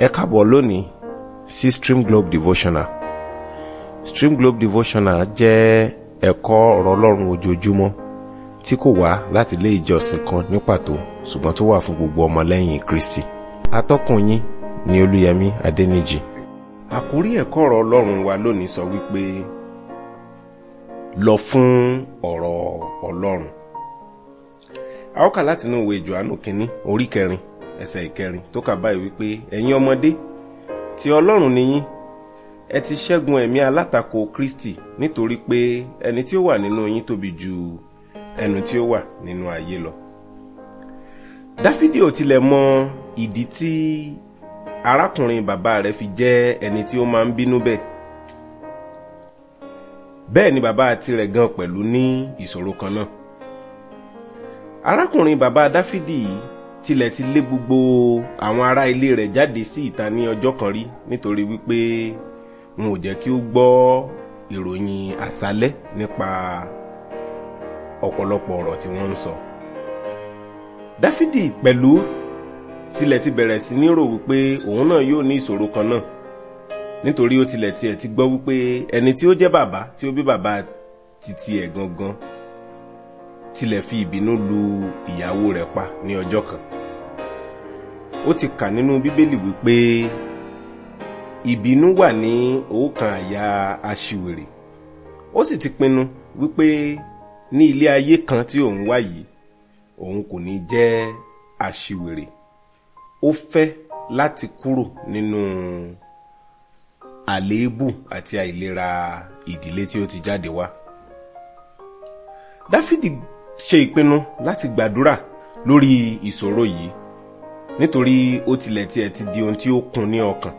ẹ e lónìí sí si Stream Globe Devotional Stream Globe Devotional jẹ́ ẹ̀kọ́ ọ̀rọ̀ ọlọ́run ojoojúmọ́ tí kò wá láti ilé ìjọsìn kan ní pàtó ṣùgbọ́n tó wà fún gbogbo ọmọlẹ́yìn Kristi atọ́kùn yín ni Olúyẹmí Adẹ́nìjì. àkórí ẹ̀kọ́ ọ̀rọ̀ ọlọ́run wa lónìí sọ wípé lọ fún ọ̀rọ̀ ọlọ́run a ó kà látinú ìwé Jòhánù kínní orí kẹrin ẹsẹ̀ ìkẹrin tó kà báyìí wípé ẹ̀yin ọmọdé ti ọlọ́run ni yín ẹ ti ṣẹ́gun ẹ̀mí alátakò kristi nítorí pé ẹni tí ó wà nínú yín tóbi ju ẹnu tí ó wà nínú ayé lọ. dáfídì ò tilẹ̀ mọ ìdí tí arákùnrin bàbá rẹ̀ fi jẹ́ ẹni tí ó máa ń bínú bẹ́ẹ̀. bẹ́ẹ̀ ni bàbá tirẹ̀ gan pẹ̀lú ní ìṣòro kan náà. arákùnrin bàbá dáfídì yìí tilẹ̀ ti lé gbogbo àwọn ará ilé rẹ̀ jáde sí ìta ní ọjọ́ kan rí nítorí wípé wọn ò jẹ́ kí ó gbọ́ ìròyìn àṣálẹ́ nípa ọ̀pọ̀lọpọ̀ ọ̀rọ̀ tí wọ́n ń sọ. dáfídì pẹ̀lú tilẹ̀ ti bẹ̀rẹ̀ sí ní rò wípé òun náà yóò ní ìṣòro kan náà nítorí ó tilẹ̀ tiẹ̀ ti gbọ́ wípé ẹni tí ó jẹ́ bàbá tí ó bí bàbá ti tiẹ̀ gangan tilẹ̀ fi ìbínú lu ìyàwó rẹ̀ pa ní ọjọ́ kan. ó ti kà nínú bíbélì wípé ìbínú wà ní òókan àyà aṣiwèrè ó sì ti pinnu wípé ní ilé ayé kan tí òun wà yìí òun kò ní jẹ́ aṣiwèrè ó fẹ́ láti kúrò nínú àléébù àti àìlera ìdílé tí ó ti jáde wá. Dáfídì ṣe ìpinnu láti gbàdúrà lórí ìṣòro yìí nítorí ó tilẹ̀ tiẹ̀ ti di ohun tí ó kún ní ọkàn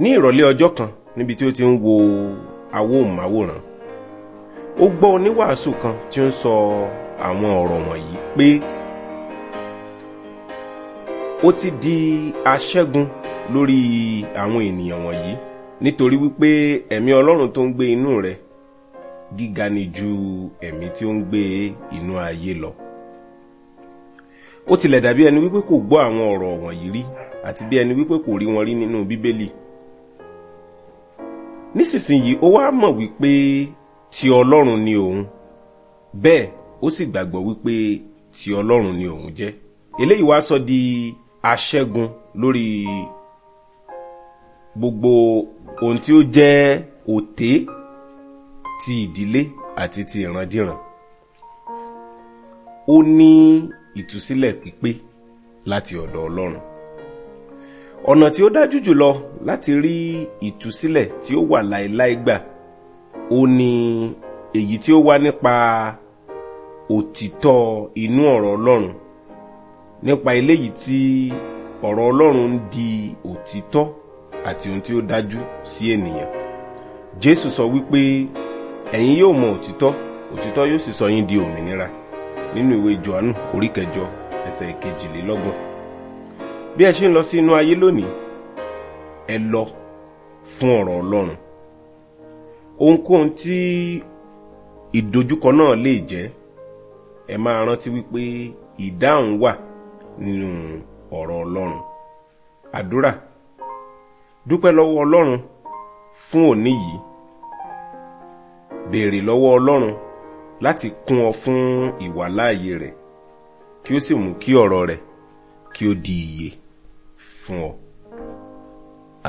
ní ìrọ̀lẹ́ ọjọ́ kan níbi tí ó ti ń wo awóhùnmáwòrán ó gbọ́ oníwàásù kan tí ó ń sọ àwọn ọ̀rọ̀ wọ̀nyí pé ó ti di aṣẹ́gun lórí àwọn ènìyàn wọ̀nyí nítorí wípé ẹ̀mí ọlọ́run tó ń gbé inú rẹ̀ gíga ni ju ẹ̀mí tí ó ń gbé inú ayé lọ. ó tilẹ̀ dàbí ẹni wípé kò gbọ́ àwọn ọ̀rọ̀ wọ̀nyí rí àti bí ẹni wípé kò rí wọn rí nínú bíbélì. nísinsìnyí ó wá mọ̀ wípé ti ọlọ́run ni òun bẹ́ẹ̀ ó sì gbàgbọ́ wípé ti ọlọ́run ni òun jẹ́ eléyìí wá sọ di aṣẹ́gun lórí gbogbo ohun tí ó jẹ́ òté ti ìdílé àti ti ìrandíran ó ní ìtúsílẹ̀ pípé láti ọ̀dọ̀ Ọlọ́run ọ̀nà tí ó dájú jùlọ láti rí ìtúsílẹ̀ tí ó wà láéláé gbà ó ní èyí tí ó wá nípa òtítọ́ inú ọ̀rọ̀ Ọlọ́run nípa eléyìí tí ọ̀rọ̀ Ọlọ́run ń di òtítọ́ àti ohun tí ó dájú sí ènìyàn Jésù sọ wípé. So ẹ̀yin yóò mọ òtítọ́ òtítọ́ yóò sì sọ yín di òmìnira nínú ìwé johannu orí kẹjọ ẹsẹ̀ kejìlélọ́gbọ̀n bí ẹ ṣe ń lọ sí inú ayé lónìí ẹ lọ fún ọ̀rọ̀ ọlọ́run ohunkóhun tí ìdojúkọ náà lè jẹ́ ẹ máa rántí wípé ìdáhùn wà nínú ọ̀rọ̀ ọlọ́run àdúrà dúpẹ́ lọ́wọ́ ọlọ́run fún òní yìí béèrè lọ́wọ́ ọlọ́run láti kún ọ fún ìwàláàyè rẹ̀ kí ó sì mú kí ọ̀rọ̀ rẹ̀ kí ó di ìyè fún ọ.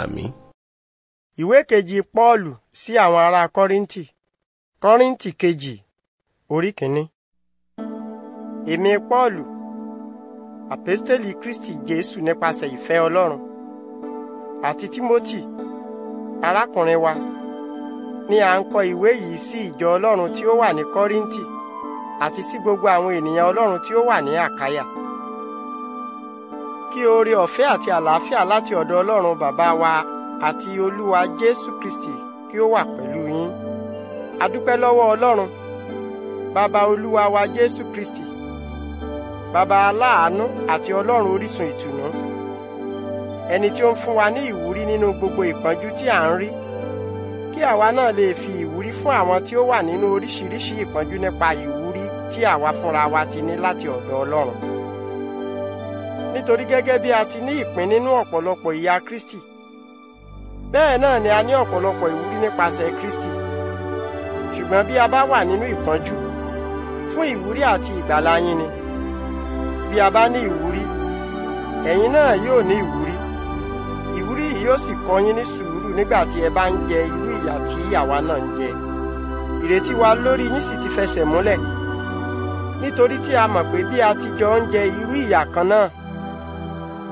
àmín. ìwé kejì pọ́ọ̀lù sí àwọn ará kọ́ríńtì kọ́ríńtì kejì orí kìíní. èmi pọ́ọ̀lù àpẹ́sítẹ́lì kristi jésù nípasẹ̀ ìfẹ́ ọlọ́run àti tímótì arákùnrin wa ni à ń kọ ìwé yìí sí ìjọ Ọlọ́run tí ó wà ní Kọ́ríńtì àti sí gbogbo àwọn ènìyàn Ọlọ́run tí ó wà ní Àkáyà. Kí oore ọ̀fẹ́ àti àlàáfíà láti ọ̀dọ̀ Ọlọ́run bàbá wa àti Olúwa Jésù Kristi kí ó wà pẹ̀lú yín. A lọ́wọ́ Ọlọ́run bàbá Olúwa wa Jésù Kristi bàbá aláàánú àti Ọlọ́run orísun ìtùnú ẹni tí ó ń fún wa ní ìwúrí nínú gbogbo ìpọ́njú tí à ń rí kí àwa náà lè fi ìwúrí fún àwọn tí ó wà nínú oríṣiríṣi ìpọ́njú nípa ìwúrí tí àwa fúnra wa ti ní láti ọ̀dọ̀ Ọlọ́run. Nítorí gẹ́gẹ́ bí a ti ní ìpín nínú ọ̀pọ̀lọpọ̀ ìyà Kristi, bẹ́ẹ̀ náà ni a ní ọ̀pọ̀lọpọ̀ ìwúrí nípasẹ̀ Kristi. Ṣùgbọ́n bí a bá wà nínú ìpọ́njú, fún ìwúrí àti ìgbàlá yín ni. Bí a bá ní ìwúrí, ẹ̀yin náà yóò ní ìwúrí. Ìwúrí yìí yóò sì kọ́ ní sùúrù nígbà tí ẹ bá ń jẹ irú ìyà tí àwa náà ń jẹ ìrètí wa lórí yín sì ti fẹsẹ̀ múlẹ̀ nítorí tí a mọ̀ pé bí a ti jọ ń jẹ irú ìyà kan náà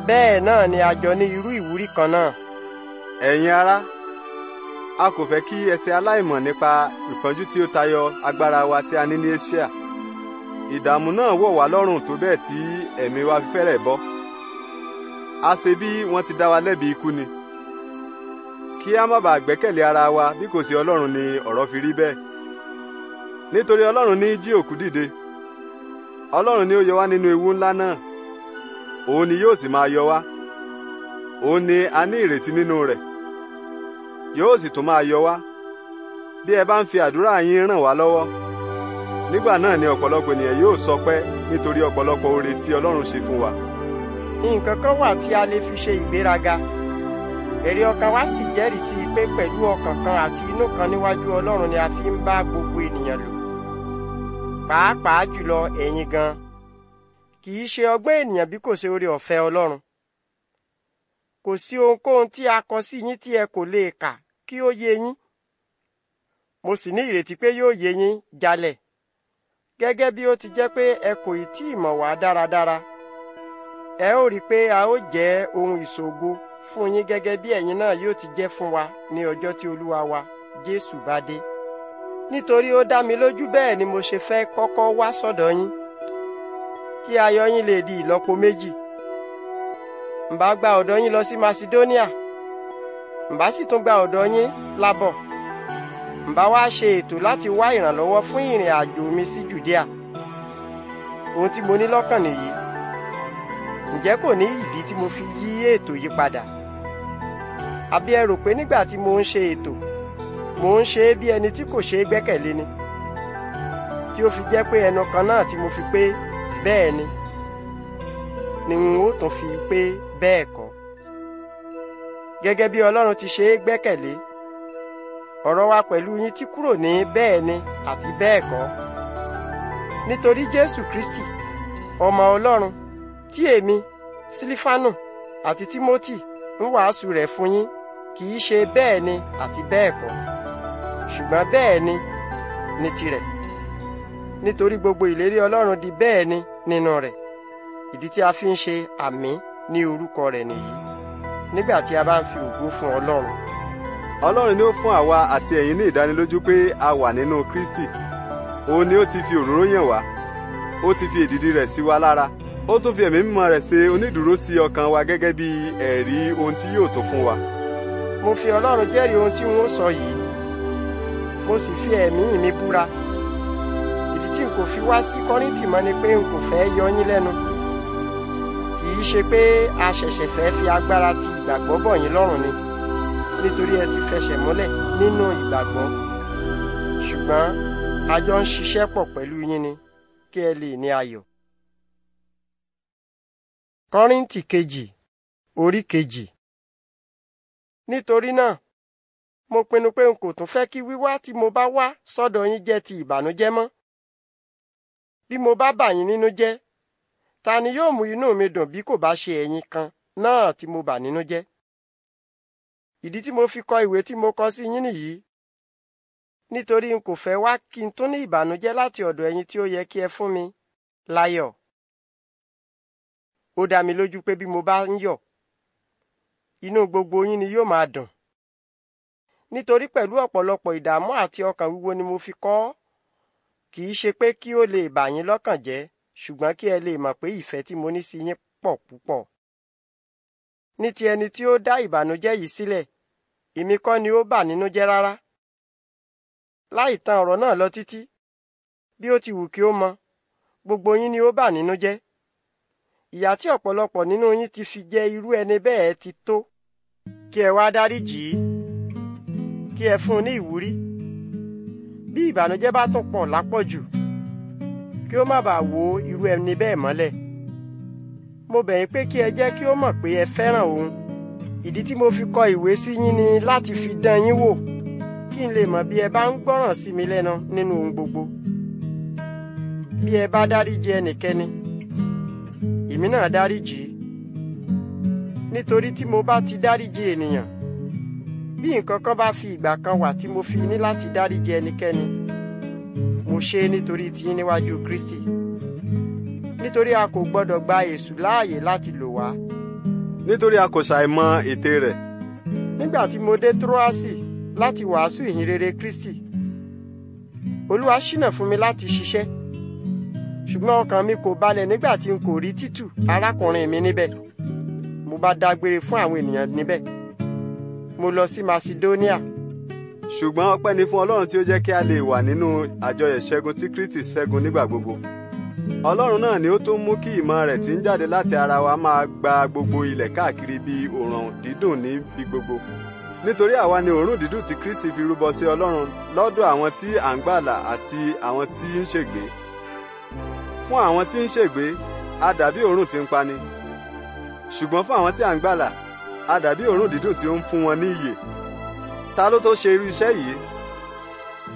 bẹ́ẹ̀ náà ni a jọ ní irú ìwúrí kan náà. ẹ̀yin ará a kò fẹ́ kí ẹ ṣe aláìmọ̀ nípa ìpọ́njú tí ó tayọ agbára wa tí a ní ní Éṣíà ìdààmú náà wọ̀ wá lọ́rùn tó bẹ́ẹ̀ tí ẹ̀mí wa fi fẹ́rẹ̀ bọ́ a ṣe bí wọ́n ti dá wa lẹ́bi ikú ni. kí a má bàa gbẹ́kẹ̀lé ara wa bí kò sí ọlọ́run ni ọ̀rọ̀ fi rí bẹ́ẹ̀ nítorí ọlọ́run ní jí òkú dìde ọlọ́run ni ó yọ wá nínú ewu ńlá náà òun ni yóò sì máa yọ wá òun ni a ní ìrètí nínú rẹ̀ yóò sì tún máa yọ wá bí ẹ bá ń fi àdúrà yín ràn wá lọ́wọ́ nígbà náà ni ọ̀pọ̀lọpọ̀ ènìyàn yóò sọ sọpẹ́ nítorí ọ̀pọ̀lọpọ̀ oore tí ọlọ́run ṣe fún wa. nǹkan kan wà tí a lè fi ṣe ìgbéraga èrè ọkàn wa sì jẹ́rìí sí i pé pẹ̀lú ọkàn kan àti inú kan níwájú Ọlọ́run ni a fi ń bá gbogbo ènìyàn lò pàápàá jùlọ ẹ̀yin gan kì í ṣe ọgbọ́n ènìyàn bí kò ṣe oore ọ̀fẹ́ Ọlọ́run kò sí ohunkóhun tí a kọ sí yín tí ẹ kò lè kà kí ó yé yín mo sì ní ìrètí pé yóò yé yín jalẹ̀ gẹ́gẹ́ bí ó ti jẹ́ pé ẹ kò ì tí ì mọ̀ wá dáradára. Dára. ẹ ó rí i pé a ó jẹ́ ohun ìṣògo fún yín gẹ́gẹ́ bí ẹ̀yin náà yóò ti jẹ́ fún wa ní ọjọ́ tí olúwa wa jésù bá dé nítorí ó dá mi lójú bẹ́ẹ̀ ni mo ṣe fẹ́ kọ́kọ́ wá sọ́dọ̀ yín kí ayọ̀ yín lè di ìlọ́po méjì ǹbá gba ọ̀dọ̀ yín lọ sí macedonia ǹbá sì tún gba ọ̀dọ̀ yín lábọ̀ ǹbá wá ṣe ètò láti wá ìrànlọ́wọ́ fún ìrìn àjò mi sí judea ohun tí mo ní lọ́kàn nìyí ǹjẹ́ kò ní ìdí tí mo fi yí ètò yí padà àbí ẹ rò pé nígbà tí mo ń ṣe ètò mo ń ṣe é bí ẹni tí kò ṣeé gbẹ́kẹ̀lé ni tí ó fi jẹ́ pé ẹnu kan náà tí mo fi pé bẹ́ẹ̀ ni ni n ó tún fi pé bẹ́ẹ̀ kọ́ gẹ́gẹ́ bí Ọlọ́run ti ṣe é gbẹ́kẹ̀lé ọ̀rọ̀ wa pẹ̀lú yín ti kúrò ní bẹ́ẹ̀ ni àti bẹ́ẹ̀ kọ́ nítorí Jésù Kristi ọmọ Ọlọ́run tí èmi sílífánù àti tímótì ń wàásù rẹ̀ fún yín kì í ṣe bẹ́ẹ̀ ni àti bẹ́ẹ̀ kọ́ ṣùgbọ́n bẹ́ẹ̀ ni ní tirẹ̀ nítorí gbogbo ìlérí ọlọ́run di bẹ́ẹ̀ ni nínú rẹ̀ ìdí tí a fi ń ṣe àmì ní orúkọ rẹ̀ nìyí nígbà tí a bá ń fi ògo fún ọlọ́run. ọlọ́run ni ó fún àwa àti ẹ̀yin ní ìdánilójú pé a wà nínú kristi òun ni ó ti fi òróró yàn wá ó ti fi èdìdì rẹ̀ sí wa lára ó tún fi ẹ̀mí mímọ́ rẹ̀ ṣe onídùúró sí ọkàn wa gẹ́gẹ́ bí ẹ̀rí ohun tí yóò tó fún wa. mo fi ọlọ́run jẹ́rìí ohun tí n ó sọ yìí mo sì fi ẹ̀mí mi búra ìdí tí n kò fi wá sí kọ́rìntì mọ́ ni pé n kò fẹ́ yọ yín lẹ́nu kì í ṣe pé a ṣẹ̀ṣẹ̀ fẹ́ fi agbára ti ìgbàgbọ́ bọ̀ yín lọ́rùn ni nítorí ẹ ti fẹsẹ̀ múlẹ̀ nínú ìgbàgbọ́ ṣùgbọ́n a jọ ń ṣiṣẹ́ pọ̀ pẹ̀lú yín ni kí ẹ lè ní ayọ̀. kọrịntị keji, orí keji. nítorí náà mo pinnu pé n kò tún fẹ́ kí wíwá tí mo bá wá sọ́dọ̀ yín jẹ́ ti ìbànújẹ́ mọ́. bí mo bá bà yín nínú jẹ́ ta ni yóò mú inú mi dùn bí kò bá ṣe ẹ̀yin kan náà tí mo bà nínú jẹ́. ìdí tí mo fi kọ ìwé tí mo kọ sí yín nìyí nítorí n kò fẹ́ wá kí n tún ní ìbànújẹ́ láti ọ̀dọ̀ ẹ̀yin tí ó yẹ kí ẹ fún mi láyọ̀. ó dá mi lójú pé bí mo bá ń yọ̀ inú gbogbo yín ni yóò máa dùn nítorí pẹ̀lú ọ̀pọ̀lọpọ̀ ìdààmú àti ọkàn wíwo ni mo fi kọ ọ́ kì í ṣe pé kí ó lè bà yín lọ́kàn jẹ́ ṣùgbọ́n kí ẹ lè mọ̀ pé ìfẹ́ tí mo ní sí yín pọ̀ púpọ̀ ní ti ẹni tí ó dá ìbànújẹ́ yìí sílẹ̀ èmi kọ́ ni ó bà nínú jẹ́ rárá láì tan ọ̀rọ̀ náà lọ títí bí ó ti wù kí ó mọ gbogbo yín ni ó bà nínú jẹ́ ìyà tí ọ̀pọ̀lọpọ̀ nínú yín ti fi jẹ irú ẹni bẹ́ẹ̀ ti tó kí ẹ wá dáríjì í kí ẹ fún un ní ìwúrí bí ìbànújẹ́ bá tún pọ̀ lápọ̀jù kí ó má bàa wo irú ẹni bẹ́ẹ̀ mọ́lẹ̀ mo bẹ̀ pé kí ẹ jẹ́ kí ó mọ̀ pé ẹ fẹ́ràn òun ìdí tí mo fi kọ ìwé sí yín ni láti fi dán yín wò kí n lè mọ̀ bí ẹ bá ń gbọ́ràn sí mi lẹ́nu nínú ohun gbogbo bí ẹ bá dáríjì ẹnikẹ́ni èmi náà dáríjì nítorí tí mo bá ti dáríjì ènìyàn bí nǹkan kan bá fi ìgbà kan wà tí mo fi ní láti dáríjì ẹnikẹ́ni mo ṣe é nítorí tiyín níwájú Kristi nítorí a kò gbọdọ̀ gba èṣù láàyè láti lò wá. nítorí a kò ṣàìmọ̀ ète rẹ̀. nígbà tí mo dé Troasi láti wàásù ìhìnrere Kristi Olúwa ṣínà fún mi láti ṣiṣẹ́ ṣùgbọ́n ọkàn mi kò balẹ̀ nígbà tí n kò rí títù arákùnrin mi níbẹ̀ mo bá dágbére fún àwọn ènìyàn níbẹ̀ mo lọ sí Macedonia. ṣùgbọ́n ọpẹ́ ni fún Ọlọ́run tí ó jẹ́ kí a lè wà nínú àjọyọ̀ ṣẹ́gun tí Kristi ṣẹ́gun nígbà gbogbo Ọlọ́run náà ni ó tún mú kí ìmọ̀ rẹ̀ tí ń jáde láti ara wa máa gba gbogbo ilẹ̀ káàkiri bí òòrùn dídùn níbi gbogbo nítorí àwa ni òórùn dídùn tí Kristi fi rúbọ sí Ọlọ́run lọ́dọ̀ àwọn tí à ń gbàlà àti àwọn tí ń ṣègbé fún àwọn tí ń ṣègbé a dàbí òórùn tí ń pani ṣùgbọ́n fún àwọn tí à ń gbàlà a dàbí òórùn dídùn tí ó ń fún wọn ní ìyè ta ló tó ṣe irú iṣẹ́ yìí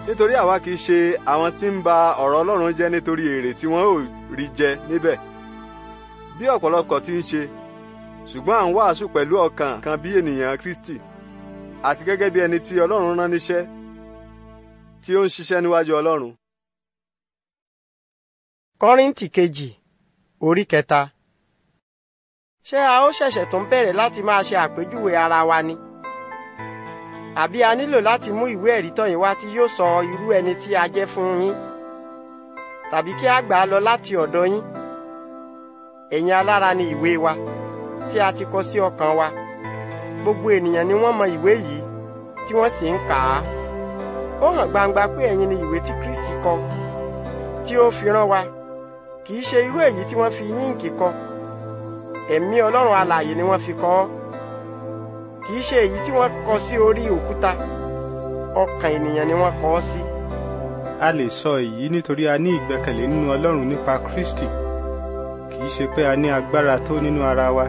nítorí àwa kì í ṣe àwọn tí ń ba ọ̀rọ̀ Ọlọ́run jẹ́ nítorí èrè tí wọ́n ò rí jẹ níbẹ̀ bí ọ̀pọ̀lọpọ̀ ti ń ṣe ṣùgbọ́n à ń wàásù pẹ̀lú ọkàn kan bí ènìyàn Kristi àti gẹ́gẹ́ bí ẹni tí Ọlọ́run rán níṣẹ́ tí ó ń ṣiṣẹ́ níwájú Ọlọ́run kọ́ríntì kejì orí kẹta. ṣé a ó ṣẹ̀ṣẹ̀ tó ń bẹ̀rẹ̀ láti máa ṣe àpèjúwe ara wa ni? àbí a nílò láti mú ìwé ẹ̀rí tọ̀yìn wá tí yóò sọ irú ẹni tí a jẹ́ fún yín? tàbí kí a gbà á lọ láti ọ̀dọ̀ yín? ẹ̀yin alára ni ìwé wa tí a ti kọ sí ọkàn wa. gbogbo ènìyàn ni wọ́n mọ ìwé yìí tí wọ́n sì ń kà á. ó hàn gbangba pé ẹ̀yin ni ìwé tí Kristi kọ tí ó fi rán wa kì í ṣe irú èyí tí wọ́n fi yíǹkì kọ ẹ̀mí ọlọ́run alààyè ni wọ́n fi kọ kì í ṣe èyí tí wọ́n kọ sí orí òkúta ọkàn ènìyàn ni wọ́n kọ ọ́ sí. a lè sọ èyí nítorí a ní ìgbẹ́kẹ̀lé nínú ọlọ́run nípa kristi kì í ṣe pé a ní agbára tó nínú ara wa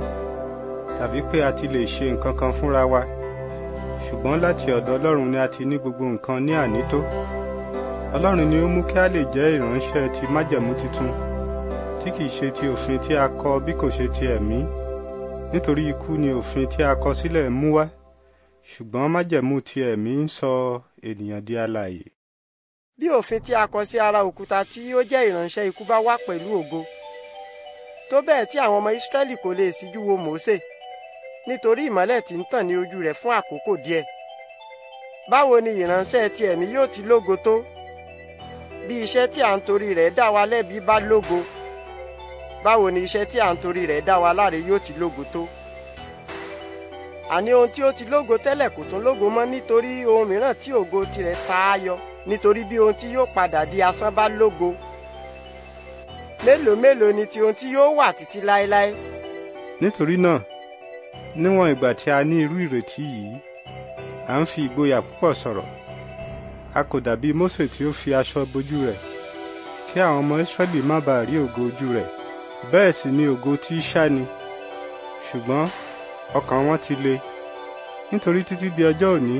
tàbí pé a ti lè ṣe nǹkan kan fúnra wa ṣùgbọ́n láti ọ̀dọ̀ ọlọ́run ni a ti ní gbogbo nǹkan ní ànító ọlọ́run ni ó mú kí a lè jẹ́ ìránṣẹ́ ti májẹ̀mú tuntun tí kìí ṣe ti òfin tí a kọ bí kò ṣe ti ẹ̀mí nítorí ikú ni òfin tí a kọ sílẹ̀ mú wá ṣùgbọ́n májẹ̀mú ti ẹ̀mí ń sọ ènìyàn di alààyè. bí òfin tí a kọ sí ara òkúta tí ó jẹ́ ìránṣẹ́ ikú bá wá pẹ̀lú ògo tó bẹ́ẹ̀ tí àwọn ọmọ Ísírẹ́lì kò lè síjú wo Mósè nítorí ìmọ́lẹ̀ tí ń tàn ní ojú rẹ̀ fún àkókò díẹ̀ báwo ni ìránṣẹ́ ti ẹ̀mí yóò ti lógo tó bí iṣẹ́ tí à ń torí rẹ̀ dá wa lẹ́bi bá lógo báwo ni iṣẹ́ tí à ń torí rẹ̀ dá wa láre yóò ti lógo tó àní ohun tí ó ti lógo tẹ́lẹ̀ kò tún lógo mọ́ nítorí ohun mìíràn tí ògo tirẹ̀ ta á yọ nítorí bí ohun tí yóò padà di asán bá lógo mélòó mélòó ni ti ohun tí yóò wà títí láéláé. nítorí náà níwọ̀n ìgbà tí a ní irú ìrètí yìí à ń fi ìgboyà púpọ̀ sọ̀rọ̀ a kò dàbí Mósè tí ó fi aṣọ bojú rẹ̀ kí àwọn ọmọ Ísírẹ́lì má bàa rí ògo ojú rẹ̀ bẹ́ẹ̀ sì ni ògo tí í ṣá ni ṣùgbọ́n ọkàn wọn ti le nítorí títí di ọjọ́ òní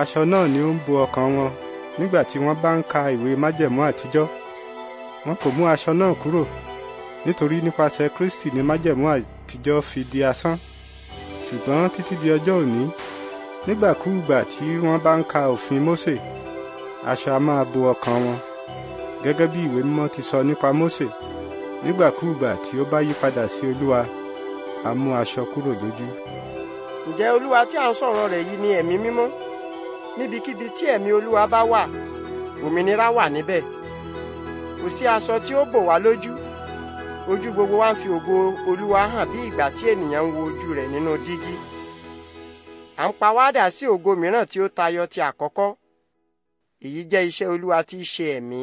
aṣọ náà ni ó ń bo ọkàn wọn nígbà tí wọ́n bá ń ka ìwé májẹ̀mú àtijọ́ wọn kò mú aṣọ náà kúrò nítorí nípasẹ̀ Kristi ni májẹ̀mú àtijọ́ fi di asán ṣùgbọ́n títí di ọjọ́ òní nígbàkúùgbà tí wọ́n bá ń ka òfin Mósè aṣọ a máa bo ọkàn wọn gẹ́gẹ́ bí ìwé mímọ́ ti sọ nípa Mósè nígbàkúùgbà tí ó bá yí padà sí olúwa a mú aṣọ kúrò lójú. ǹjẹ́ olúwa tí à ń sọ̀rọ̀ rẹ̀ yìí ni ẹ̀mí mímọ́ níbikíbi tí ẹ̀mí olúwa bá wà òmìnira wà níbẹ̀ kò sí aṣọ tí ó bò wá lójú ojú gbogbo wa ń fi ògo olúwa hàn bí ìgbà tí ènìyàn ń wo ojú rẹ̀ nínú dígí à ń pa wá dà sí ògo mìíràn tí ó tayọ ti àkọ́kọ́ èyí jẹ́ iṣẹ́ olúwa tí í ṣe ẹ̀mí